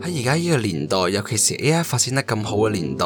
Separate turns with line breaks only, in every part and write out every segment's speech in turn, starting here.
喺而家呢個年代，尤其是 AI 發展得咁好嘅年代，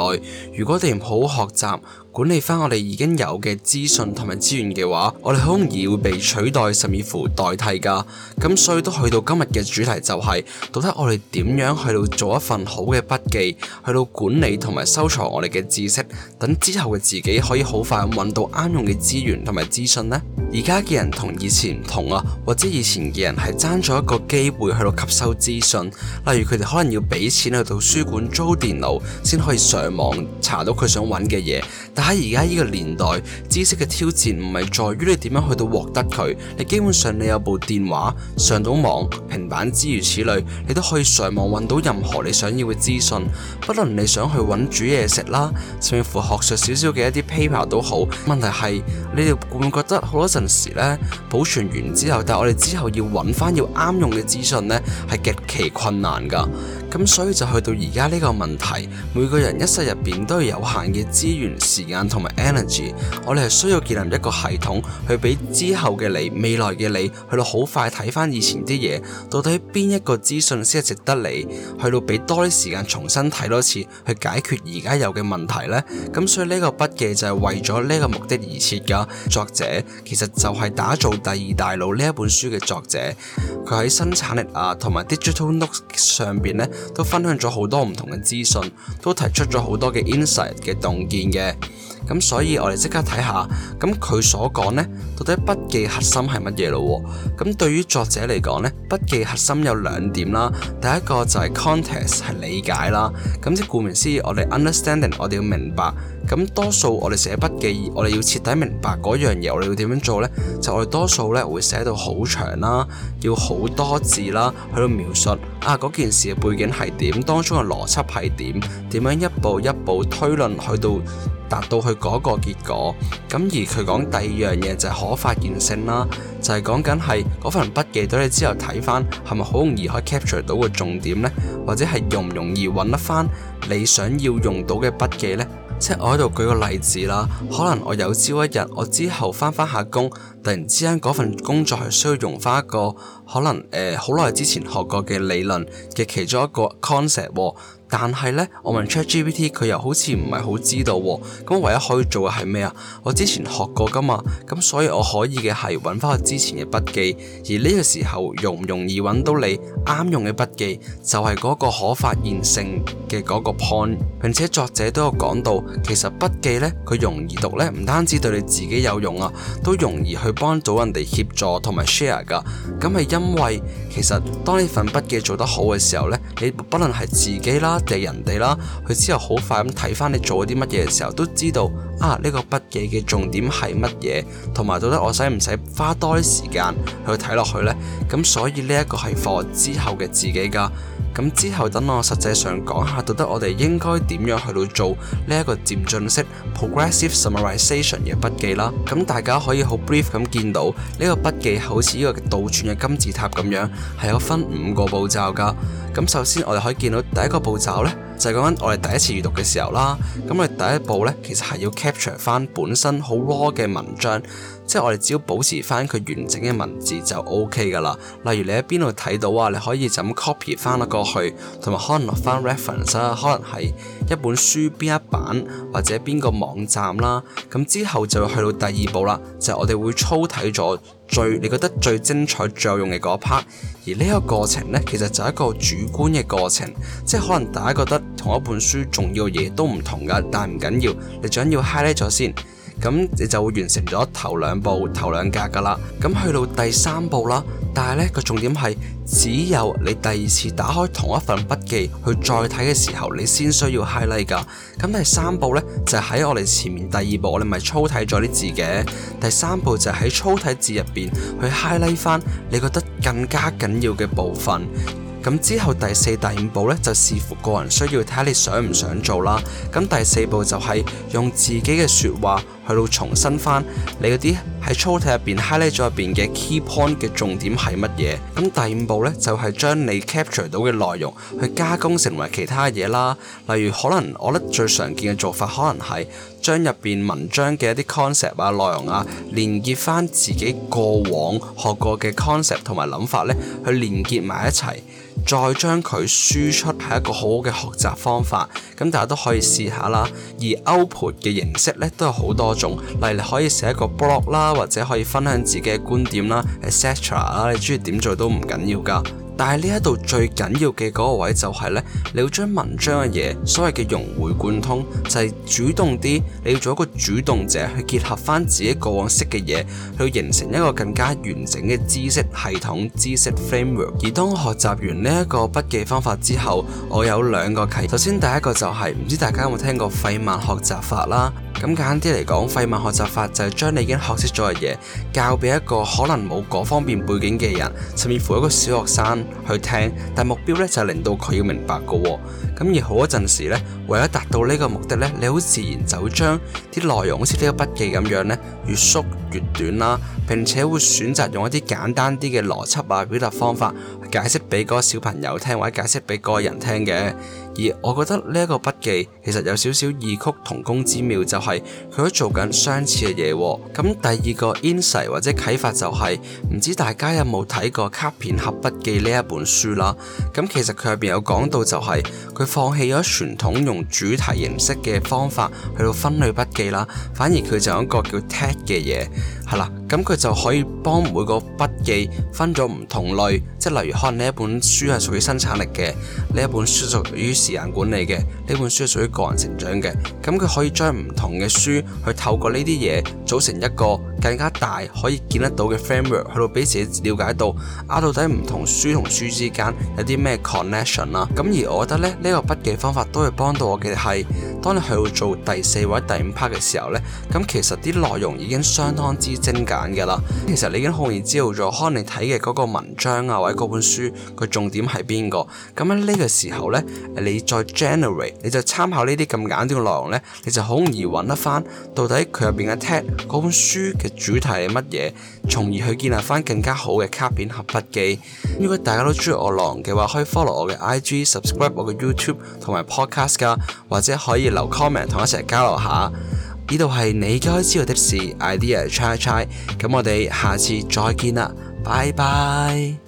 如果你唔好好學習，管理翻我哋已經有嘅資訊同埋資源嘅話，我哋好容易會被取代甚至乎代替㗎。咁所以都去到今日嘅主題就係，到底我哋點樣去到做一份好嘅筆記，去到管理同埋收藏我哋嘅知識，等之後嘅自己可以好快揾到啱用嘅資源同埋資訊呢？而家嘅人同以前唔同啊，或者以前嘅人係爭咗一個機會去到吸收資訊，例如佢哋可能要俾錢去到書館租電腦，先可以上網查到佢想揾嘅嘢。但喺而家呢個年代，知識嘅挑戰唔係在於你點樣去到獲得佢，你基本上你有部電話、上到網、平板諸如此類，你都可以上網揾到任何你想要嘅資訊。不論你想去揾煮嘢食啦，甚至乎學術少少嘅一啲 paper 都好。問題係你哋會唔會覺得好多陣時呢，保存完之後，但係我哋之後要揾翻要啱用嘅資訊呢，係極其困難㗎。咁所以就去到而家呢個問題，每個人一世入邊都係有，有限嘅資源時。同埋 energy，我哋係需要建立一個系統，去俾之後嘅你、未來嘅你，去到好快睇翻以前啲嘢，到底邊一個資訊先係值得你去到俾多啲時間重新睇多次，去解決而家有嘅問題呢？咁所以呢個筆記就係為咗呢個目的而設噶。作者其實就係打造第二大腦呢一本書嘅作者，佢喺生產力啊同埋 digital notes 上邊呢，都分享咗好多唔同嘅資訊，都提出咗好多嘅 insight 嘅洞見嘅。咁所以我看看，我哋即刻睇下，咁佢所講呢，到底筆記核心係乜嘢咯？咁對於作者嚟講咧，筆記核心有兩點啦。第一個就係 context 係理解啦，咁即係顧名思義，我哋 understanding 我哋要明白。咁多數，我哋寫筆記，我哋要徹底明白嗰樣嘢，我哋要點樣做呢？就我哋多數咧會寫到好長啦，要好多字啦，去到描述啊嗰件事嘅背景係點，當中嘅邏輯係點，點樣一步一步推論去到達到去嗰個結果。咁而佢講第二樣嘢就係可發現性啦，就係講緊係嗰份筆記，到你之後睇翻係咪好容易可以 capture 到個重點呢？或者係容唔容易揾得翻你想要用到嘅筆記呢？即係我喺度舉個例子啦，可能我有朝一日，我之後翻返下工。突然之間，嗰份工作係需要用翻一個可能誒好耐之前學過嘅理論嘅其中一個 concept 哦。但係呢，我問 ChatGPT，佢又好似唔係好知道。咁唯一可以做嘅係咩啊？我之前學過㗎嘛，咁所以我可以嘅係揾翻我之前嘅筆記。而呢個時候容唔容易揾到你啱用嘅筆記，就係嗰個可發現性嘅嗰個 point。並且作者都有講到，其實筆記呢，佢容易讀呢，唔單止對你自己有用啊，都容易去。幫到人哋協助同埋 share 噶，咁係因為其實當呢份筆記做得好嘅時候呢，你不論係自己啦定係人哋啦，佢之後好快咁睇翻你做咗啲乜嘢嘅時候，都知道啊呢個筆記嘅重點係乜嘢，同埋到底我使唔使花多啲時間去睇落去呢。咁所以呢一個係 for 之後嘅自己噶。咁之後，等我實際上講下，到底我哋應該點樣去做呢一個漸進式 progressive summarization 嘅筆記啦。咁大家可以好 brief 咁見到呢個筆記好似一個倒轉嘅金字塔咁樣，係有分五個步驟㗎。咁首先，我哋可以見到第一個步驟呢。就係講緊我哋第一次閱讀嘅時候啦，咁我哋第一步呢，其實係要 capture 翻本身好 raw 嘅文章，即係我哋只要保持翻佢完整嘅文字就 O K 噶啦。例如你喺邊度睇到啊，你可以就咁 copy 翻得過去，同埋可能落翻 reference 啦，可能喺一本書邊一版或者邊個網站啦。咁之後就去到第二步啦，就係我哋會操睇咗。最你覺得最精彩、最有用嘅嗰一 part，而呢一個過程呢，其實就係一個主觀嘅過程，即係可能大家覺得同一本書重要嘢都唔同㗎，但係唔緊要，你最緊要 highlight 咗先。咁你就會完成咗頭兩步、頭兩格噶啦。咁去到第三步啦，但係呢個重點係只有你第二次打開同一份筆記去再睇嘅時候，你先需要 highlight 㗎。咁第三步呢，就喺我哋前面第二步，我哋咪粗體咗啲字嘅。第三步就喺粗體字入邊去 highlight 翻你覺得更加緊要嘅部分。咁之後第四、第五步呢，就視乎個人需要，睇下你想唔想做啦。咁第四步就係用自己嘅説話。去到重新翻你嗰啲喺粗體入邊 highlight 咗、er、入邊嘅 key point 嘅重點係乜嘢？咁第五步呢，就係、是、將你 capture 到嘅內容去加工成為其他嘢啦，例如可能我覺得最常見嘅做法可能係將入邊文章嘅一啲 concept 啊內容啊連結翻自己過往學過嘅 concept 同埋諗法呢，去連結埋一齊。再將佢輸出係一個好好嘅學習方法，咁大家都可以試下啦。而 output 嘅形式咧都有好多種，例如你可以寫一個 blog 啦，或者可以分享自己嘅觀點啦，etc 啊，你中意點做都唔緊要㗎。但係呢一度最緊要嘅嗰個位就係咧，你要將文章嘅嘢，所謂嘅融會貫通，就係、是、主動啲，你要做一個主動者去結合翻自己過往識嘅嘢，去形成一個更加完整嘅知識系統、知識 framework。而當我學習完呢一個筆記方法之後，我有兩個啟示。首先第一個就係、是、唔知大家有冇聽過費曼學習法啦？咁簡單啲嚟講，費曼學習法就係將你已經學識咗嘅嘢教俾一個可能冇嗰方面背景嘅人，甚至乎一個小學生。去聽，但目標呢就令到佢要明白嘅。咁而好多陣時呢，為咗達到呢個目的呢，你好自然就會將啲內容，好似呢個筆記咁樣呢，越縮越短啦。並且會選擇用一啲簡單啲嘅邏輯啊，表達方法解釋俾嗰個小朋友聽，或者解釋俾個人聽嘅。而我覺得呢一個筆記其實有少少異曲同工之妙，就係佢都做緊相似嘅嘢。咁第二個 insight 或者啟發就係、是、唔知大家有冇睇過卡片盒筆記呢一本書啦。咁其實佢入邊有講到就係、是、佢放棄咗傳統用主題形式嘅方法去到分類筆記啦，反而佢就有一個叫 tag 嘅嘢係啦。咁佢就可以幫每個筆記分咗唔同類，即例如可能呢一本書係屬於生產力嘅，呢一本書屬於時間管理嘅，呢本書係屬於個人成長嘅。咁佢可以將唔同嘅書去透過呢啲嘢組成一個，更加大可以見得到嘅 framework 去到俾自己了解到啊，到底唔同書同書之間有啲咩 connection 啦、啊。咁而我覺得咧呢、這個筆記方法都會幫到我嘅係，當你去到做第四或者第五 part 嘅時候咧，咁其實啲內容已經相當之精簡嘅啦。其實你已經好容易知道咗，可能你睇嘅嗰個文章啊或者嗰本書佢重點係邊個。咁喺呢個時候咧，你再 generate，你就參考呢啲咁簡單嘅內容咧，你就好容易揾得翻到底佢入邊嘅 text 嗰本書嘅。主題係乜嘢，從而去建立翻更加好嘅卡片合筆記。如果大家都中意我狼嘅話，可以 follow 我嘅 IG，subscribe 我嘅 YouTube 同埋 podcast 噶，或者可以留 comment 同我一齊交流下。呢度係你該知道的事 idea try1try。咁我哋下次再見啦，拜拜。